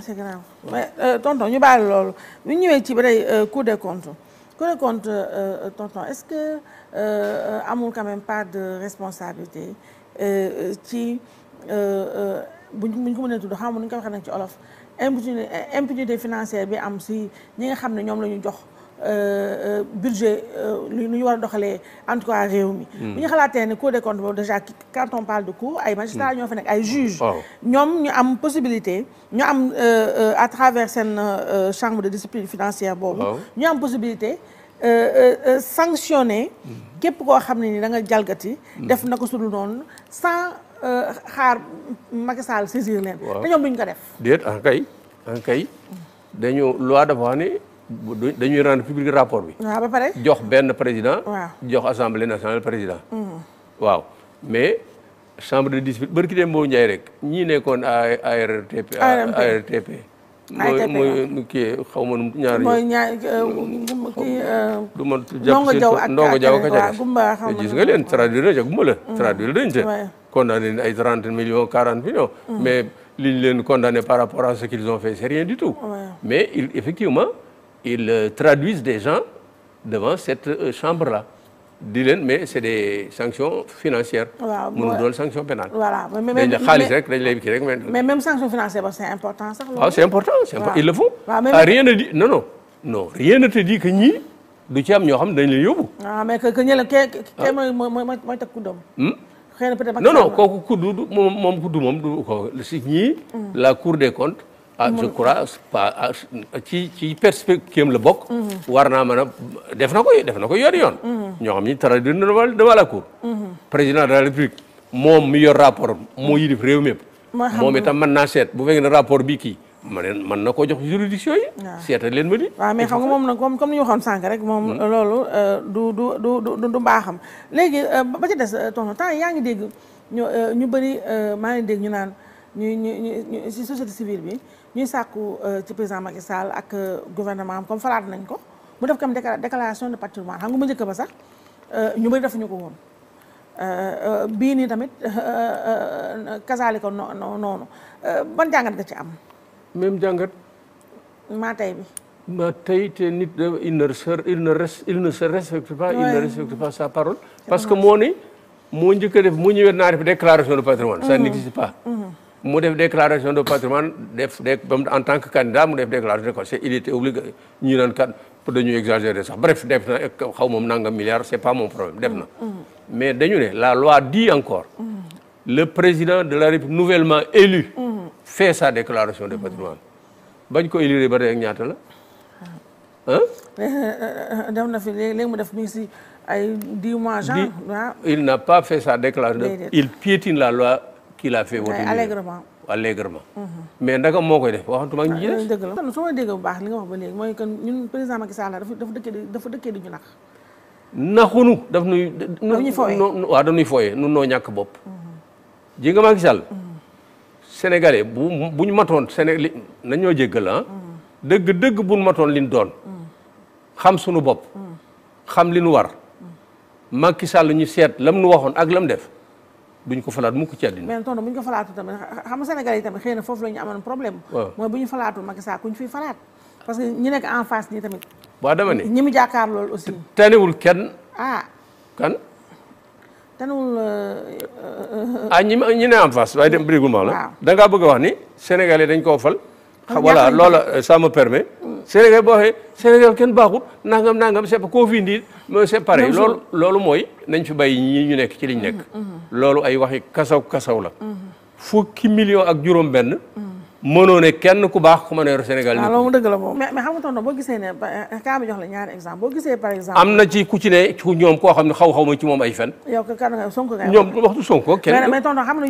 c'est grave mais euh, tonton ñu baal loolu ñu ñëwee ci ba tey euh, Cour des comptes Cour des comptes euh, tonton est-ce que amul quand même part de responsabilité ci buñ buñ ko mënee tudd xam nu ñu ko waxee nag ci olof impunité impunité financière bi am si ñi nga xam ne ñoom la ñu jox. Euh, euh, budget euh, lu ñu war a doxalee en tout cas réew mi. Hmm. bu ñu xalaatee ne cour des comptes boobu déjà quand parle de cour ay magistrats hmm. ñoo fa nekk ay juges. Oh. ñoom ñu am possibilité ñu am à travers seen chambre de discipline financière boobu. Oh. ñu am possibilité. sanctionner hmm. képp koo xam ne ni da nga jalgati. def na ko su dul noonu sans xaar Macky Sall saisir leen. waaw te ñoom duñ ko def. déet en ah, kay en ah, kay dañu loi dafa wax ni dañuy rendre public rapport bi. waaw ba pare jox benn président. jox assemblée nationale président. Mm. waaw mais chambre de dispute bari ki dem boo Ndiaye rek ñii nekkoon ARTP. ARTP mooy mooy kii xaw ma nu ñaar euh, mooy ñaar kii. Euh, du ma jàpp si ndongo jaw ka ca des gis nga leen mm. traduire nañ ca gumba la traduire nañ ca. condamné ay trente millions quarante millions. Mm. mais liñ leen condamné par rapport à ce qu'ils ont fait c'est du tout. mais il effectivement. ils euh, traduisent des gens devant cette euh, chambre la di leen mais c'est des sanctions financières. waaw mënul doon sanction pénale. voilà mais mais rek dañ lay kii rek. mais même sanction financière ba c'est important sax. waaw ah, c'est important il le faut. Ah, rien ne dit non non rien ne te dit que ñii du ci am ñoo xam dañ lay yóbbu. waaw ah, mais que que ñeneen kay kay mooy mooy mooy teg kuddam. Hmm? na peut-être non non kooku moom moom ko si ñii. Hmm. la cour des comptes. ah je crois pas ah, ci ci perspective am la bokk. Mhm. war naa man a def na ko def na ko yoon yoon. Mhm. ñoo xam ni traduire na devant a cour. Mhm. président de la république moom mi yor rapport moo yilif réew mépp moom itam mën naa seet bu fekkee na rapport bi kii. ma ne mën na koo jox juridiction yi. waaw seetal leen ma di. waaw mais xam nga moom nag kom comme ni ñu waxoon sànq rek. moom hmm. loolu euh, du du du du mbaaxam. léegi euh, ba ca des euh, tonton temps yaa ngi dégg ñu ñu bëri maa ngi dégg ñu naan ñu ñu ñu si société civile bi. ñuy sàkku euh, ci président Macky Sall ak euh, gouvernement am comme falaat nañ ko mu def kam déclaration de patrimoine xam nga mu njëkk ba sax euh, ñu bëri ñu ko woon bii nii tamit kasaali ko noonu ban jàngat nga ci am. même jàngat. maa tey bi. ma tey te nit il ne se il ne il ne respecte il ne respecte pas sa parole. parce que moo ni moo njëkk a def mu ñëwee naa def déclaration de patrimoine. ça mm-hmm. n'existe pas. Mm-hmm. mu def déclaration de patrimoine def en tant que candidat mu def déclaration de c'est il était obligé ñu naan kat dañuy exagérer sax bref def na xaw moom nangam milliard c'est pas mon problème def na. Mm-hmm. mais dañu ne la loi dit encore. Mm-hmm. le président de la République nouvellement élu. Mm-hmm. fait sa déclaration de patrimoine bañ ko élire ba tey ak ñaata la ah. def na fi léegi léegi def mi si ay dix mois. genre il n'a pas fait sa déclaration. il piétine la loi. kii laa fee wootee allègrement allègrement mhm. mais ndaka moo koy def waxantuma ak ñi ci dëgg la su ma dégg bu baax li nga wax ba léegi mooy kon ñun président Macky Sall dafa dëkkee di dafa dëkkee di ñu nax naxunu matoon sénégal nañoo jéggal ah mhm. dëgg dëgg buñ matoon liñ doon mhm. xam sunu bopp xam li nu war Macky Sall ñu seet la nu waxoon ak lam def duñ ko falaat mukk ci àddina mais tonton bu ñu ko falaatu tamit xam nga Sénégal yi tamit xëy na foofu la ñu amoon problème waaw mooy bu ñu falaatul Macky Sall kuñ fiy falaat parce que ñu nekk en face nii tamit waaw dama ne ñi mu jàkkaar loolu aussi tanewul kenn ah kan tanewul euh, euh, euh, ah ñi ñi ne en face waaye dem brigul ma la da ngaa bëgg a wax ni Sénégalais dañ koo fal voilà loola ça me permet Sénégal boo waxee Sénégal kenn baaxut nangam nangam c'est koo fi indi c'est pareil loolu loolu mooy nañ fi bàyyi ñi ñu nekk ci liñ nekk mm-hmm. loolu ay waxi kasaw kasaw la mm-hmm. fukki million ak juróom benn mm-hmm. mënoo kenn ku baax ku mën a yor Sénégal. waaw ah, loolu dëgg la moom mais mais xam nga tonton boo gisee ne kaa eh, bi jox la ñaari exemple boo gisee par exemple. am na ci ku ci ne ku ñoom koo xam ne xaw-xaw ma ci moom ay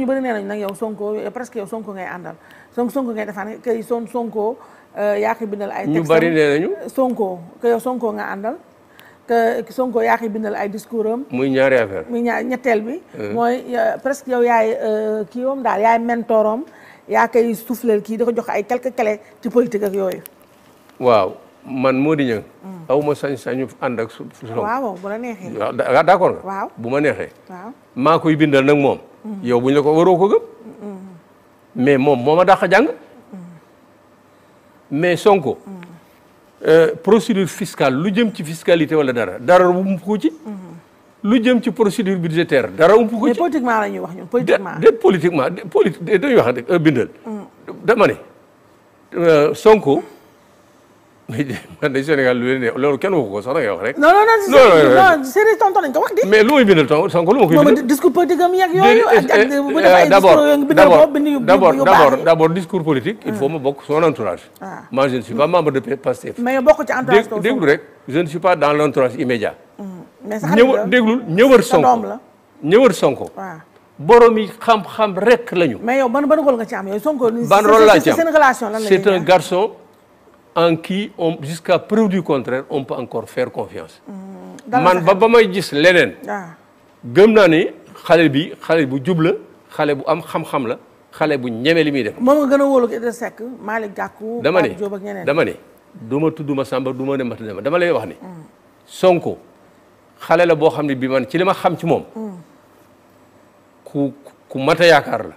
nee nañu nag yow Sonko presque yow Sonko ngay àndal Sonko ngay defaan kay Sonko euh, yaa ko bindal ay. textes ñu bëri nee nañu. Sonko que yow Sonko nga àndal. te Sonko yaa ngi bindal ay discours am. muy ñaari affaire muy ñetteel bi. Euh. mooy euh, presque yow yaay euh, kii moom daal yaay mentorom yaa koy soufflé kii di ko jox ay quelques clés ci politique ak yooyu. waaw man moo di ñëw. Hmm. aw ma sañ-sañu ànd ak. su bu la neexee. Ah, ma neexee. waaw maa koy bindal nag moom. Hmm. yow buñ la ko waroo ko gëm. Hmm. mais moom moo ma dàq jàng. mais Sonko. Euh, procédure fiscale lu jëm ci fiscalité wala dara dara ump ko ci. lu jëm ci procédure budgétaire dara ump ko ci. mais politiquement la ñuy wax ñun politiquement. de politiquement de dañuy wax rek euh, bindal. Mm. dama ne euh, Sonko. day Sénégal lu leen loolu kenn waxu ko sax da ngay wax rek. non non non série tonton lañ ko wax di. mais lu may bindal tonton Sonko lu ma koy bindal. moom discours politique am yeeg yooyu. d' abord d' abord d' abord d' abord discours politique. il faut ma bokk son entourage. moi je ne suis pas membre de PASTEF. mais nga bokk ci entourage boobu déglu rek je ne suis pas dans l' entourage immédiat. mais sax ñëw déglul ñëwër Sonko ñëwër Sonko. borom yi xam-xam rek lañu. mais yow ban ban rôle nga ci am yow Sonko. ban rôle laa ci am seen relation lan la c'est un garçon en qui on jusqu'à preuve du contraire on peut encore faire confiance. Hmm, man ba ba may gis leneen. Ah. gëm naa ni xale bi xale bu jub la xale bu am xam-xam la xale bu ñeme li muy def. moom nga gën a wóolu Idrissa Seck dama ne dama ne du ma tudd Samba du ma ne ma dama lay wax ni. Hmm. Sonko xale la boo xam ne bi man ci li ma xam ci moom. Hmm. ku ku yaakaar la.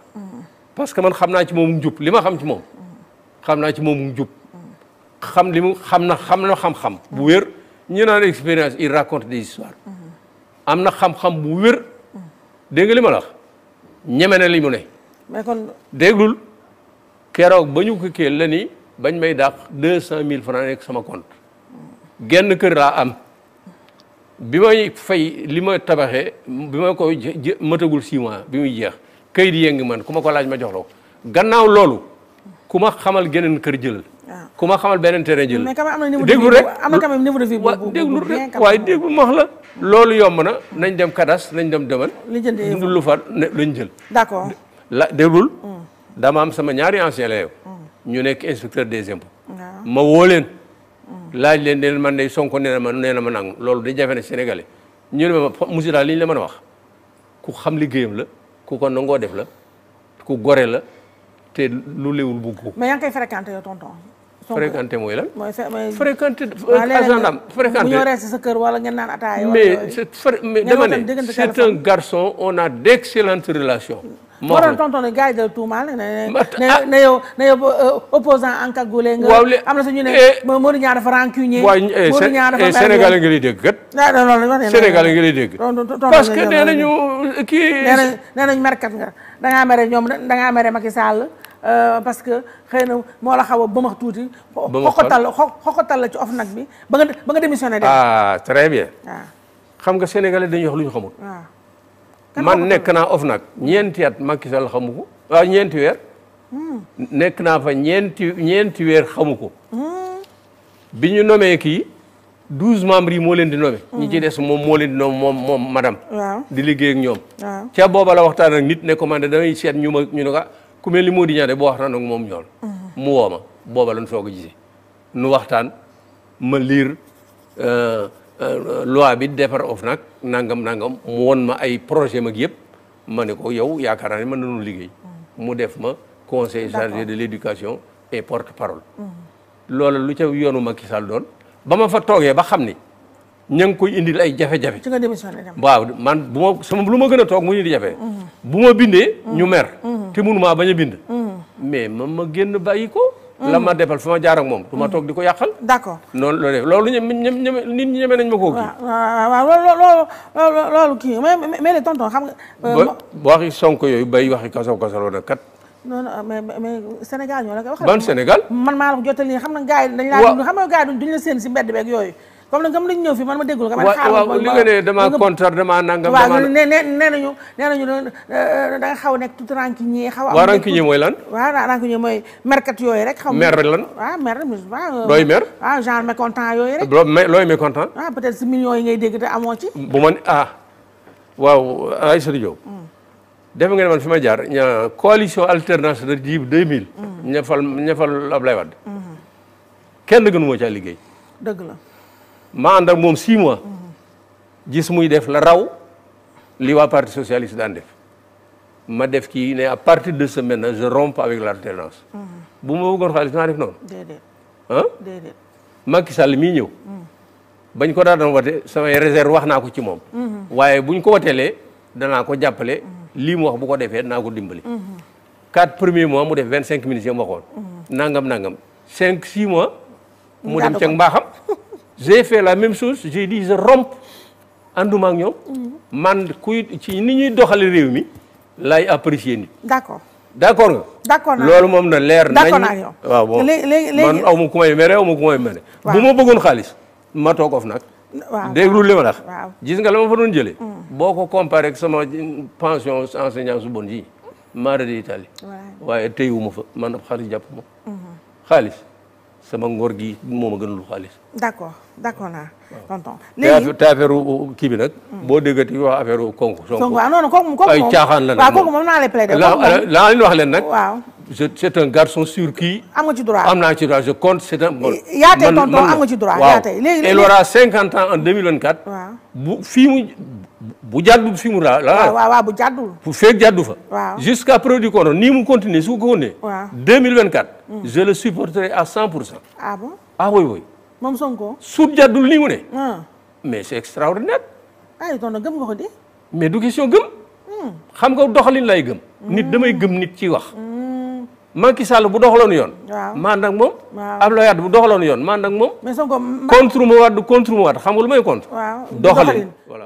parce que man xam naa ci moom njub li ma xam ci moom. xam naa ci moom njub. xam li mu xam na xam na xam-xam bu wér ñu naan expérience i raconte des histoires am na xam-xam bu wér dégg nga li ma la ñeme na li mu ne. mais kon keroog ba ñu la ni bañ may dàq deux cent mille francs nekk sama compte genn kër laa am bi may fay li ma tabaxee bi ma ko matagul six mois bi muy jeex kayit yee ngi man ku ma ko laaj ma jox la gannaaw loolu ku ma xamal geneen kër jëlal ku ma xamal beneen terrain jël déglu rek déglu rek waaye déglu ma wax la loolu yomb na nañ dem kadas nañ dem demal du lu jël d'accord la déglul hmm. dama am sama ñaari ancien la hmm. ñu nekk inspecteur de impôts ma woo leen hmm. laaj leen de man de Sonko nee ma nee na ma nangu loolu di jafe ne Sénégalais ñu ne ma monsieur daal li la man a wax ku xam liggéeyam la ku ko nangoo def la ku gore la te lu léwul bugg mais fréquenté mooy lan. mooy fréquenté agendaam fréquenté bu ñëw sa kër wala ngeen naan ataaya mais mais dama ne c'est un garçon on a d'excellentes relations. moo doon tonton gars yi dal tuumaal ne ah. ne yow ne yow euh, opposant encagoulé nga. waaw am na suñu ne eh. Modou Niang dafa rancunier. Eh, Modou Niang dafa eh, Sénégal nga lay dégg kat. Ah, Sénégal nga lay dégg. parce que nee nañu kii. nee nañu merkat nga da ngaa mere ñoom da ngaa mere Macky Sall Euh, parce que xëy na moo la xaw a ba ma tuuti. ba ma xoxotal tal la ci of nag bi ba nga ba nga démissionné. ah très bien. Ah. xam nga sénégalais dañuy wax lu ñu xamul. Ah. man nekk naa of nag ñeenti at Macky Sall xamu ah, ñeenti weer. Hmm. nekk naa fa ñeenti ñeenti weer xamu ko. Hmm. bi ñu nomee kii douze membres yi moo leen di nommé. Hmm. ñi ci des moom moo leen di nommé moom moom di liggéey ak ñoom. ca booba la waxtaan ak nit ne commandé damay seet ñu ma ñu ne ko ku mel ni Modou Niang de boo waxtaan ak moom ñool mm-hmm. mu woo ma booba lañ soog a gisee nu waxtaan ma liir euh, euh, loi bi defar of nag nangam nangam mu won ma ay projet mag yëpp ma ko yow yaakaar naa ne mën nañu liggéey mm-hmm. mu def ma conseil chargé de l'éducation et porte-parole mm-hmm. loola lu ca yoonu Macky Sall doon ba ma fa toogee ba xam ni ña ngi koy indil ay jafe-jafe waaw man bu lu ma gën a toog mu indi jafe bu ma bindee ñu mer te mënumaa bañ a bind. Mm. mais ma ma génn bàyyi ko. Mm. la ma defal fa ma jaar moom. du ma mm. toog di ko yàqal. d'accord noonu loolu def loolu nit ñi ñeme nañ koo kii. waaw waaw loolu kii mais mais de tonton xam nga. Euh, waxi Sonko yooyu bay waxi kasaw kasaloo nag kat. non non mais mais Sénégal ñoo la koy wax. ban Sénégal. man maa la ko jottali xam na gars yi dañ laa. waaw xam na gars yi duñ la seen si mbedd beeg yooyu. comme nag comme dañu ñëw fii man ma déggul ka man xaaral waaw li nga ne dama contrat dama nangam waaw nee nee nañu nee nañu da nga xaw a nekk tout rancunier xaw a waaw rancunier mooy lan waaw rancunier mooy merkat yooyu rek xaw mer rek lan waaw mer waaw euh, looy mer waaw genre mécontent yooyu rek looy mécontent ah peut-être si millions yi ngay dégg te amoo ci bu man ah waaw Aïssatou Diop mm. def ngeen man fi ma jaar ña coalition alternance de dib 2000 mm. ña fal ña fal Ablaye Wade mm-hmm. kenn gënu moo caa liggéey dëgg la ma ànd ak moom 6 mois gis muy def la raw li waa parti socialiste daan def ma def kii ne a partir de ce maintenant je rompe avec l'alternance bu ma bëggoon a naa def noonu. déedéet ah déedéet. mii ñëw. bañ ko daan doon wote samay réserve wax naa ko ci moom. waaye buñ ko woteelee danaa ko jàppale. lii mu wax bu ko defee naa ko dimbali. quatre premier mois mu def vingt cinq minutes yi mu waxoon. Mhm. nangam nangam cinq six mois. mu dem ca mbaaxam. j'ai fait la même chose j'ai dit je romps ànduma ak ñoom. Mhm. man kuy ci ni ñuy doxale réew mi lay apprécier nit. d'accord d'accord nga. d'accord naa loolu moom na leer nañ. naa yow waaw bon man aw ma ku may mere aw ma ku may mere. bu ma bëggoon xaalis ma toog of nag. waaw déglu li ma la gis nga la ma fa doon jëlee. Mm. boo ko comparé ak sama pension enseignant su bon yi. de Italie. waaye téyewuma fa man xaalis jàpp ma. Mm-hmm. xaalis. sama ngor gi moo a gënal a d' accord d' accord naa tonton. léegi te affaire kii hmm. boo déggati wax affaire konku. sonko waaw a ah, non kooku moom ay caaxaan la. waaw kooku moom naa lay plaider. laa leen wax leen nag. waaw je garçon sur am naa ci droit je compte c' est un. am nga ci droit yaa tey léegi. il ans en 2024. waaw bu fii mu. bu jàddu fi mu la waaw waaw bu jàddul bu feeg jàddu fa waaw jusqu'à produit kono nii mu continuer su ko mille waaw 2024 hmm. je le supporterai à 100 pour cent ah bon ah oui jàddul nii mu ne ah. mais c'est extraordinaire ay ah, tonton gëm nga mais du question gëm hmm. xam doxalin lay gëm nit hmm. damay gëm nit ci wax Macky Sall bu doxaloon yoon. waaw maa nag moom. waaw Abdoulaye Wade bu doxaloon yoon man nag moom. mais Sonko contre mu contre mu Wade xam nga may contre. doxalin